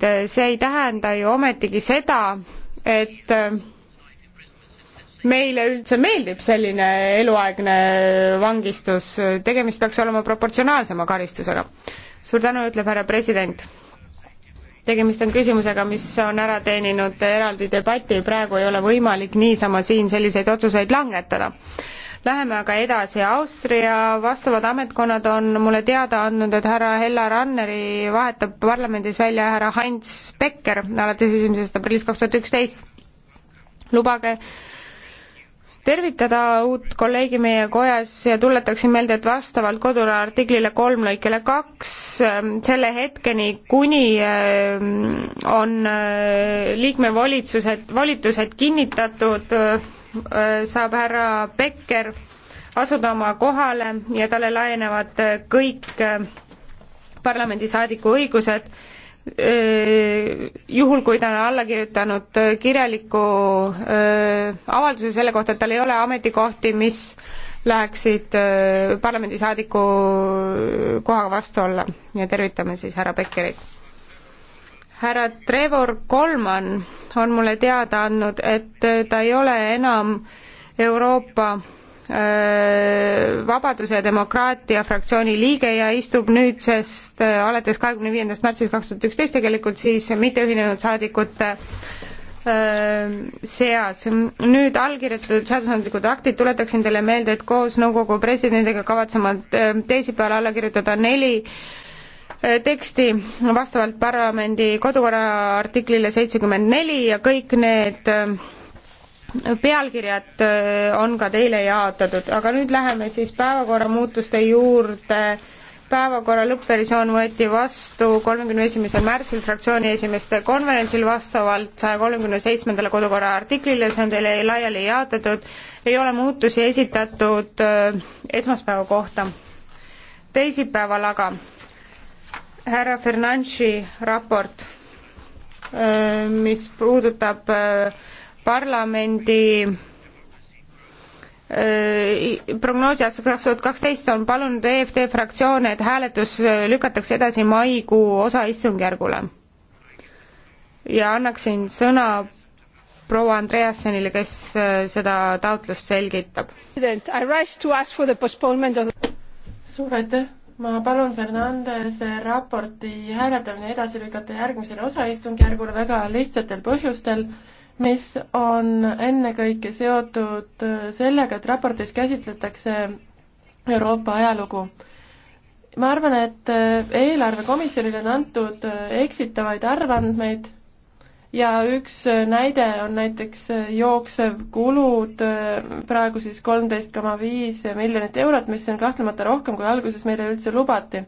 Äh, see ei tähenda ju ometigi seda, et äh, meile üldse meeldib selline eluaegne vangistus, tegemist peaks olema proportsionaalsema karistusega. suur tänu, ütleb härra president. tegemist on küsimusega, mis on ära teeninud eraldi debati, praegu ei ole võimalik niisama siin selliseid otsuseid langetada Läheme aga edasi, Austria vastavad ametkonnad on mulle teada andnud, et härra Hella Ranneri vahetab parlamendis välja härra Hans Becker alates esimesest aprillist kaks tuhat üksteist. lubage tervitada uut kolleegi meie kojas ja tuletaksin meelde, et vastavalt kodura artiklile kolm lõikele kaks ähm, selle hetkeni, kuni ähm, on äh, liikme volitused, volitused kinnitatud, äh, saab härra Becker asuda oma kohale ja talle laienevad äh, kõik parlamendisaadiku õigused juhul, kui ta on alla kirjutanud kirjaliku avalduse selle kohta, et tal ei ole ametikohti, mis läheksid äh, parlamendisaadiku äh, kohaga vastu olla ja tervitame siis härra Beckerit. härra Trevor Colman on mulle teada andnud, et äh, ta ei ole enam Euroopa Vabaduse ja Demokraatia fraktsiooni liige ja istub nüüdsest alates kahekümne viiendast märtsist kaks tuhat üksteist tegelikult siis mitteühinenud saadikute Äh, seas. nüüd allkirjutatud seadusandlikud aktid, tuletaksin teile meelde, et koos nõukogu presidendiga kavatsemad äh, teisipäeval alla kirjutada neli äh, teksti vastavalt parlamendi kodukorra artiklile seitsekümmend neli ja kõik need pealkirjad on ka teile jaotatud, aga nüüd läheme siis päevakorra muutuste juurde päevakorra lõppversioon võeti vastu kolmekümne esimesel märtsil fraktsiooni esimeeste konverentsil vastavalt saja kolmekümne seitsmendale kodukorra artiklile, see on teile laiali jaotatud, ei ole muutusi esitatud äh, esmaspäeva kohta. teisipäeval aga härra Fernandši raport, äh, mis puudutab äh, parlamendi Äh, prognoosi aastaks kaks tuhat kaksteist on palunud EFD fraktsioon, et hääletus äh, lükatakse edasi maikuu osaistungjärgule. ja annaksin sõna proua Andreassenile, kes äh, seda taotlust selgitab. suur aitäh, ma palun Fernandese raporti hääletamine edasi lükata järgmisele osaistungjärgule väga lihtsatel põhjustel mis on ennekõike seotud äh, sellega, et raportis käsitletakse Euroopa ajalugu. ma arvan, et äh, eelarvekomisjonile on antud äh, eksitavaid arvandmeid ja üks näide on näiteks jooksev kulud, praegu siis kolmteist koma viis miljonit eurot, mis on kahtlemata rohkem, kui alguses meile üldse lubati.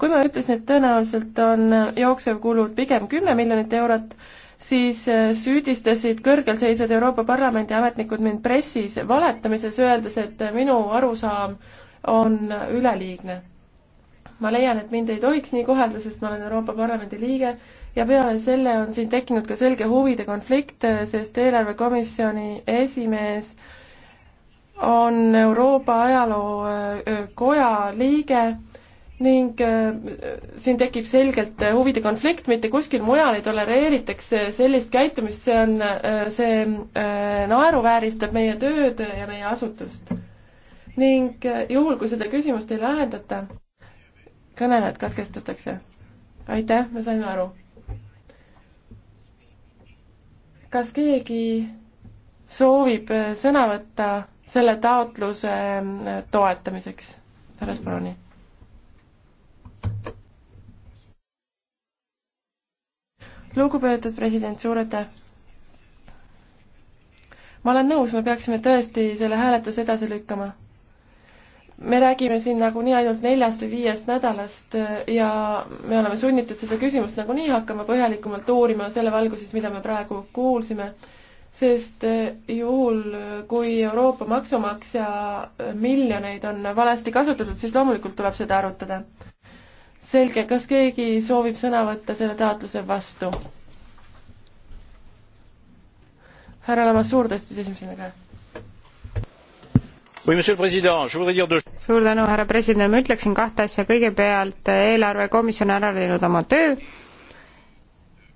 kui ma ütlesin, et tõenäoliselt on jooksev kulud pigem kümme miljonit eurot, siis äh, süüdistasid kõrgelseisvad Euroopa Parlamendi ametnikud mind pressis valetamises, öeldes, et äh, minu arusaam on üleliigne. ma leian, et mind ei tohiks nii kohelda, sest ma olen Euroopa Parlamendi liige ja peale selle on siin tekkinud ka selge huvide konflikt, äh, sest eelarvekomisjoni esimees on Euroopa Ajaloo Koja liige ning äh, siin tekib selgelt äh, huvide konflikt, mitte kuskil mujal ei tolereeritakse äh, sellist käitumist, see on, see naeruvääristab meie tööd ja meie asutust. ning juhul, kui seda küsimust ei lahendata, kõnelejad katkestatakse. aitäh, me saime aru. kas keegi soovib sõna võtta selle taotluse toetamiseks? härra Sparoni lugupeetud president, suur aitäh! ma olen nõus, me peaksime tõesti selle hääletuse edasi lükkama. me räägime siin nagunii ainult neljast või viiest nädalast äh, ja me oleme sunnitud seda küsimust nagunii hakkama põhjalikumalt uurima selle valguses, mida me praegu kuulsime, sest äh, juhul, kui Euroopa maksumaksja miljoneid on valesti kasutatud, siis loomulikult tuleb seda arutada selge, kas keegi soovib sõna võtta selle taotluse vastu? härra Lamassuur tõstis esimesena käe. suur tänu, härra president, ma ütleksin kahte asja, kõigepealt eelarvekomisjon on ära teinud oma töö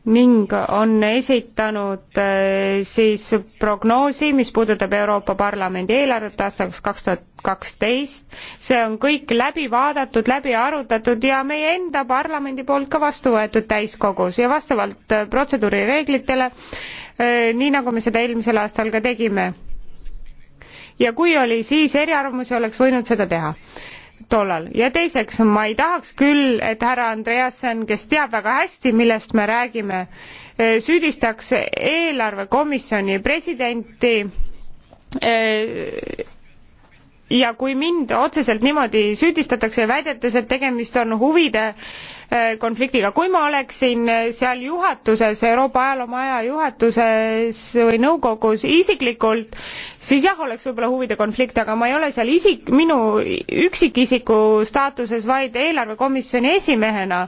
ning on esitanud eh, siis prognoosi, mis puudutab Euroopa Parlamendi eelarvet aastaks kaks tuhat kaksteist. see on kõik läbi vaadatud, läbi arutatud ja meie enda parlamendi poolt ka vastu võetud täiskogus ja vastavalt eh, protseduurireeglitele, eh, nii nagu me seda eelmisel aastal ka tegime. ja kui oli siis eriarvamusi, oleks võinud seda teha tollal ja teiseks, ma ei tahaks küll, et härra Andreasen, kes teab väga hästi, millest me räägime, eh, süüdistaks eelarvekomisjoni presidenti eh, ja kui mind otseselt niimoodi süüdistatakse, väidetes, et tegemist on huvide äh, konfliktiga, kui ma oleksin äh, seal juhatuses, Euroopa Ajaloomaja juhatuses või nõukogus isiklikult, siis jah, oleks võib-olla huvide konflikt, aga ma ei ole seal isik, minu üksikisiku staatuses, vaid eelarvekomisjoni esimehena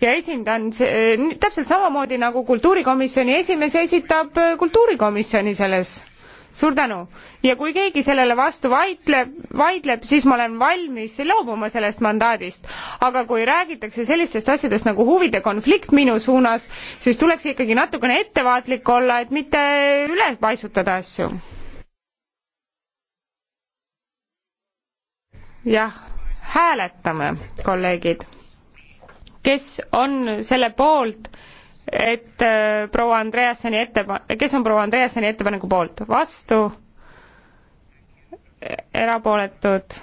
ja esindan äh, täpselt samamoodi nagu kultuurikomisjoni esimees esitab kultuurikomisjoni selles suur tänu. ja kui keegi sellele vastu vaidleb, vaidleb, siis ma olen valmis loobuma sellest mandaadist. aga kui räägitakse sellistest asjadest nagu huvide konflikt minu suunas, siis tuleks ikkagi natukene ettevaatlik olla, et mitte üle paisutada asju. jah, hääletame, kolleegid. kes on selle poolt, et äh, proua Andreaseni ette, kes on proua Andreaseni ettepaneku poolt, vastu, erapooletud,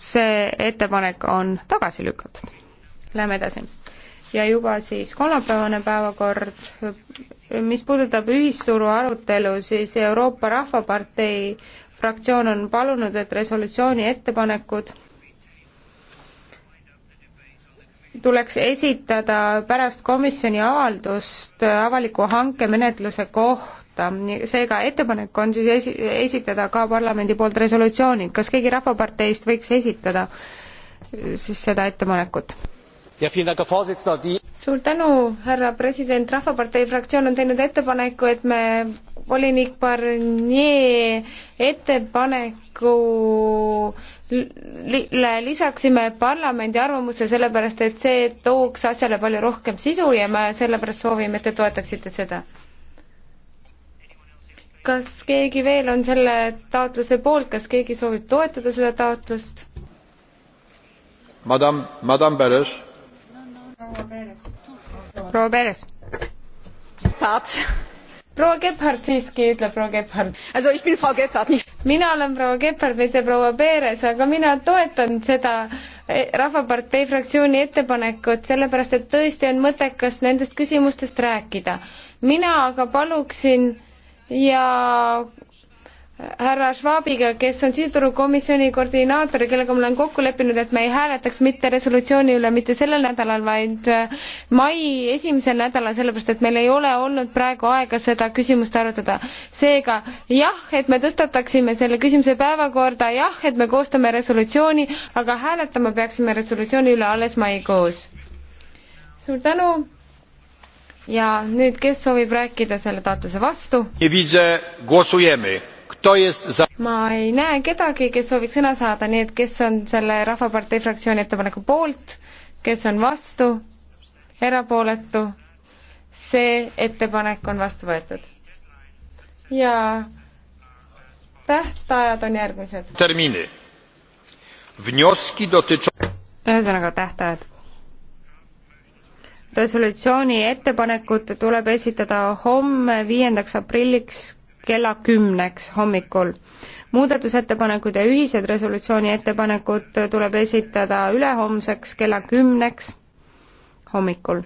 see ettepanek on tagasi lükatud. Läheme edasi. ja juba siis kolmapäevane päevakord, mis puudutab ühisturu arutelu, siis Euroopa Rahvapartei fraktsioon on palunud, et resolutsiooni ettepanekud tuleks esitada pärast komisjoni avaldust avaliku hanke menetluse kohta, seega ettepanek on siis esi-, esitada ka parlamendi poolt resolutsioonid, kas keegi Rahvaparteist võiks esitada siis seda ettepanekut? suur tänu, härra president, Rahvapartei fraktsioon on teinud ettepaneku, et me volinik Barnier ettepanek ettepanekule lisaksime parlamendi arvamuse, sellepärast et see tooks asjale palju rohkem sisu ja me sellepärast soovime, et te toetaksite seda. kas keegi veel on selle taotluse poolt, kas keegi soovib toetada seda taotlust? Madame, Madame Beres. proua Beres proua Gebhard siiski, ütleb proua Gebhard. mina olen proua Gebhard, mitte proua Peeres, aga mina toetan seda eh, Rahvapartei fraktsiooni ettepanekut, sellepärast et tõesti on mõttekas nendest küsimustest rääkida. mina aga paluksin ja härra Schwabiga, kes on siseturukomisjoni koordinaator ja kellega ma olen kokku leppinud, et me ei hääletaks mitte resolutsiooni üle mitte sellel nädalal, vaid äh, mai esimesel nädalal, sellepärast et meil ei ole olnud praegu aega seda küsimust arutada. seega jah, et me tõstataksime selle küsimuse päevakorda, jah, et me koostame resolutsiooni, aga hääletama peaksime resolutsiooni üle alles maikuus. suur tänu ja nüüd, kes soovib rääkida selle taotluse vastu? ma ei näe kedagi, kes sooviks sõna saada, nii et kes on selle Rahvapartei fraktsiooni ettepaneku poolt, kes on vastu, erapooletu, see ettepanek on vastu võetud. ja tähtajad on järgmised. termini. Wnioski dotyczą... ühesõnaga tähtajad. resolutsiooni ettepanekut tuleb esitada homme, viiendaks aprilliks kella kümneks hommikul. muudatusettepanekud ja ühised resolutsiooni ettepanekud tuleb esitada ülehomseks kella kümneks hommikul.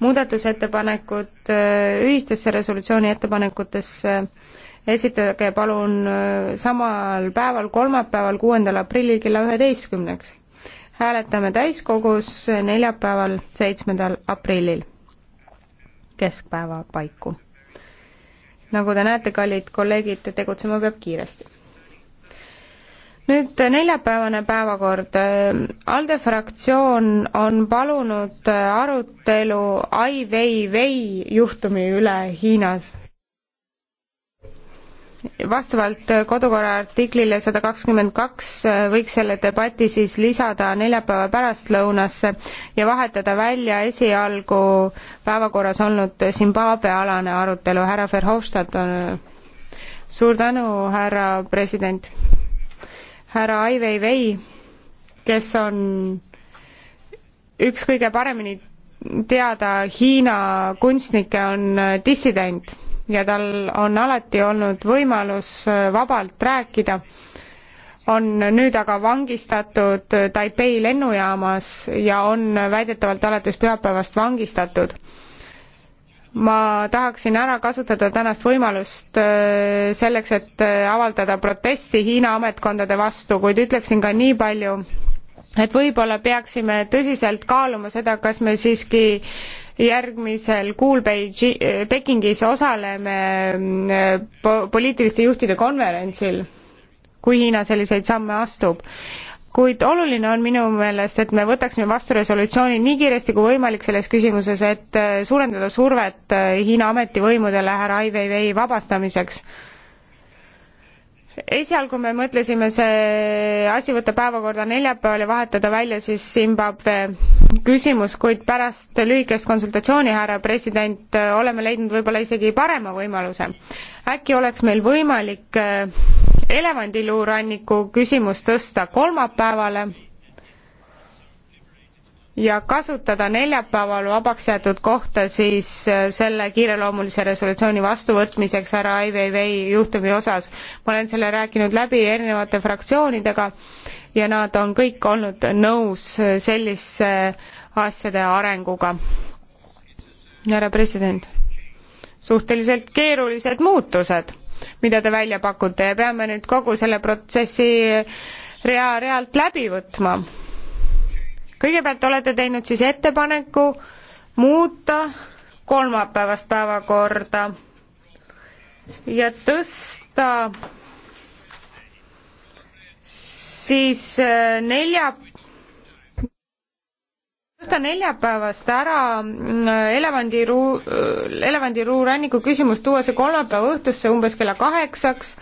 muudatusettepanekud äh, ühistesse resolutsiooni ettepanekutesse esitage palun äh, samal päeval, kolmapäeval, kuuendal aprillil kella üheteistkümneks. hääletame täiskogus neljapäeval, seitsmendal aprillil keskpäeva paiku nagu te näete, kallid kolleegid, tegutsema peab kiiresti. nüüd neljapäevane päevakord. ALDE fraktsioon on palunud arutelu Ai Weiwei juhtumi üle Hiinas vastavalt kodukorra artiklile sada kakskümmend kaks äh, võiks selle debati siis lisada neljapäeva pärastlõunasse ja vahetada välja esialgu päevakorras olnud Zimbabwe alane arutelu. härra Verhofstadt on, äh, suur tänu, härra president. härra Ai Weiwei, kes on üks kõige paremini teada Hiina kunstnikke, on äh, dissident ja tal on alati olnud võimalus äh, vabalt rääkida, on nüüd aga vangistatud Taipei lennujaamas ja on väidetavalt alates pühapäevast vangistatud. ma tahaksin ära kasutada tänast võimalust äh, selleks, et äh, avaldada protesti Hiina ametkondade vastu, kuid ütleksin ka nii palju, et võib-olla peaksime tõsiselt kaaluma seda, kas me siiski järgmisel kuul Beiji, Pekingis osaleme mm, poliitiliste juhtide konverentsil, kui Hiina selliseid samme astub kuid oluline on minu meelest, et me võtaksime vastu resolutsiooni nii kiiresti kui võimalik selles küsimuses, et äh, suurendada survet äh, Hiina ametivõimudele härra Ai Weiwei vabastamiseks esialgu me mõtlesime see asi võtta päevakorda neljapäeval ja vahetada välja siis Zimbabwe küsimus, kuid pärast lühikest konsultatsiooni, härra president, oleme leidnud võib-olla isegi parema võimaluse. äkki oleks meil võimalik äh, elevandiluuranniku küsimus tõsta kolmapäevale ja kasutada neljapäeval vabaks jäetud kohta siis äh, selle kiireloomulise resolutsiooni vastuvõtmiseks härra Ai Weiwei juhtumi osas. ma olen selle rääkinud läbi erinevate fraktsioonidega ja nad on kõik olnud nõus äh, sellise asjade arenguga. härra president, suhteliselt keerulised muutused, mida te välja pakute ja peame nüüd kogu selle protsessi äh, rea-, realt läbi võtma kõigepealt olete teinud siis ettepaneku muuta kolmapäevast päevakorda ja tõsta siis äh, nelja, tõsta neljapäevast ära elevandiruu, äh, elevandiruuranniku äh, küsimus, tuua see kolmapäeva õhtusse umbes kella kaheksaks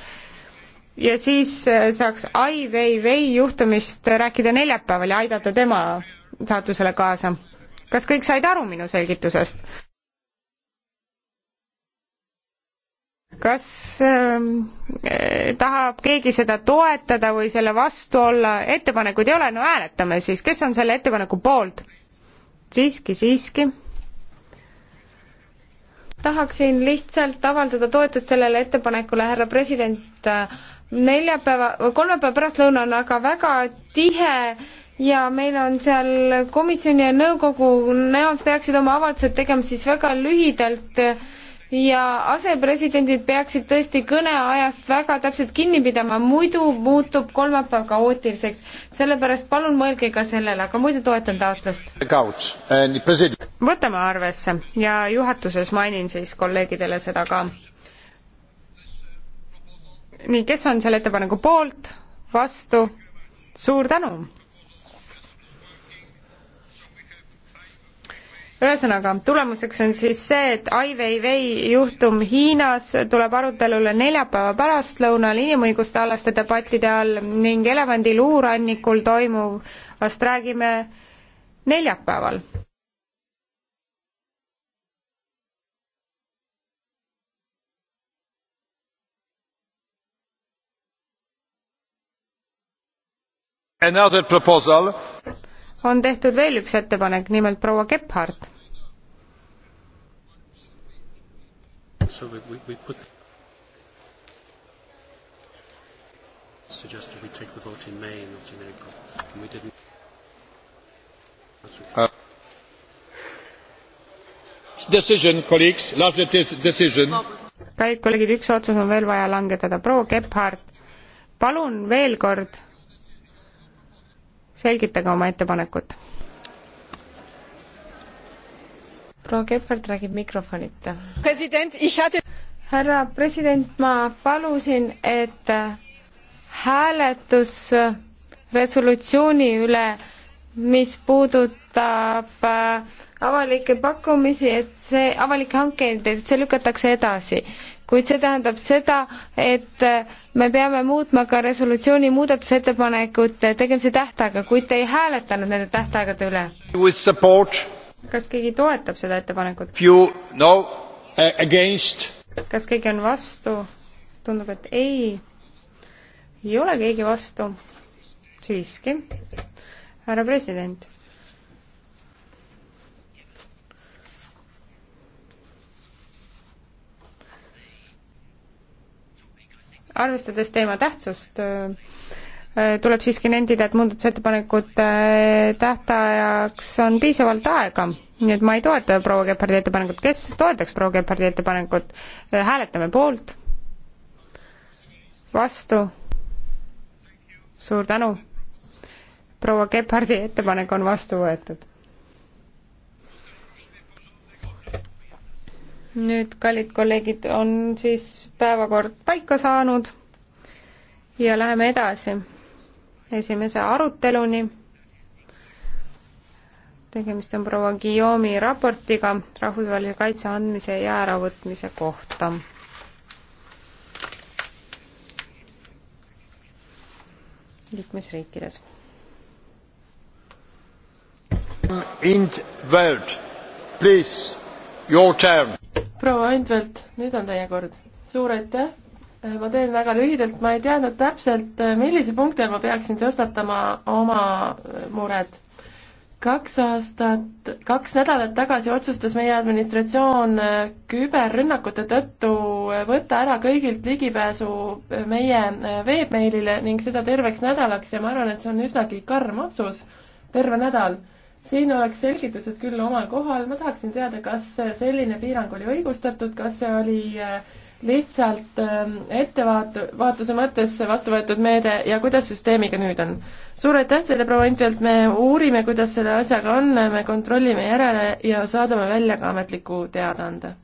ja siis äh, saaks Ai Weiwei juhtumist rääkida neljapäeval ja aidata tema saatusele kaasa. kas kõik said aru minu selgitusest? kas ähm, äh, tahab keegi seda toetada või selle vastu olla, ettepanekuid ei ole, no hääletame siis, kes on selle ettepaneku poolt? siiski, siiski tahaksin lihtsalt avaldada toetust sellele ettepanekule, härra president, neljapäeva, kolmapäeva pärastlõuna on aga väga tihe ja meil on seal komisjoni ja nõukogu, nemad peaksid oma avaldused tegema siis väga lühidalt ja asepresidendid peaksid tõesti kõneajast väga täpselt kinni pidama, muidu muutub kolmapäev kaootiliseks. sellepärast palun mõelge ka sellele, aga muidu toetan taotlust. võtame arvesse ja juhatuses mainin siis kolleegidele seda ka nii, kes on selle ettepaneku poolt, vastu, suur tänu! ühesõnaga, tulemuseks on siis see, et Ai Weiwei juhtum Hiinas tuleb arutelule neljapäeva pärastlõunal inimõiguste alaste debattide all ning elevandi luurannikul toimuvast räägime neljapäeval. on tehtud veel üks ettepanek, nimelt proua Gebhardt. So we, we, we put suggested we take the vote in May, not in April, and we didn't. Uh, decision, colleagues, last decision. kallid kolleegid, üks otsus on veel vaja langetada, proua Gebhard, palun veel kord selgitage oma ettepanekut. proua Keppert räägib mikrofonita. härra president, ma palusin, et hääletus resolutsiooni üle, mis puudutab äh, avalikke pakkumisi, et see, avalikke hankeid, et see lükatakse edasi. kuid see tähendab seda, et äh, me peame muutma ka resolutsiooni muudatusettepanekute äh, tegemise tähtaega, kuid te ei hääletanud nende tähtaegade üle. kas keegi toetab seda ettepanekut? No, against. kas keegi on vastu? tundub, et ei. ei ole keegi vastu. siiski. härra president arvestades teema tähtsust, äh, tuleb siiski nendida, et muudatusettepanekute äh, tähtajaks on piisavalt aega, nii et ma ei toeta proua Kephardi ettepanekut, kes toetaks proua Kephardi ettepanekut, äh, hääletame poolt, vastu, suur tänu, proua Kephardi ettepanek on vastu võetud nüüd, kallid kolleegid, on siis päevakord paika saanud ja läheme edasi esimese aruteluni. tegemist on proua Guillaume'i raportiga rahvusvahelise kaitse andmise ja äravõtmise kohta. liikmesriikides. Int World, please, your turn proua Antvelt, nüüd on teie kord. suur aitäh! ma teen väga lühidalt, ma ei teadnud täpselt, millise punkti all ma peaksin tõstatama oma mured. kaks aastat, kaks nädalat tagasi otsustas meie administratsioon küberrünnakute tõttu võtta ära kõigilt ligipääsu meie veebmeilile ning seda terveks nädalaks ja ma arvan, et see on üsnagi karm otsus, terve nädal siin oleks selgitused küll omal kohal, ma tahaksin teada, kas selline piirang oli õigustatud, kas see oli äh, lihtsalt ähm, ettevaat-, vaatuse mõttes vastu võetud meede ja kuidas süsteemiga nüüd on? suur aitäh teile, proua Intvelt, me uurime, kuidas selle asjaga on, me kontrollime järele ja saadame välja ka ametliku teadaande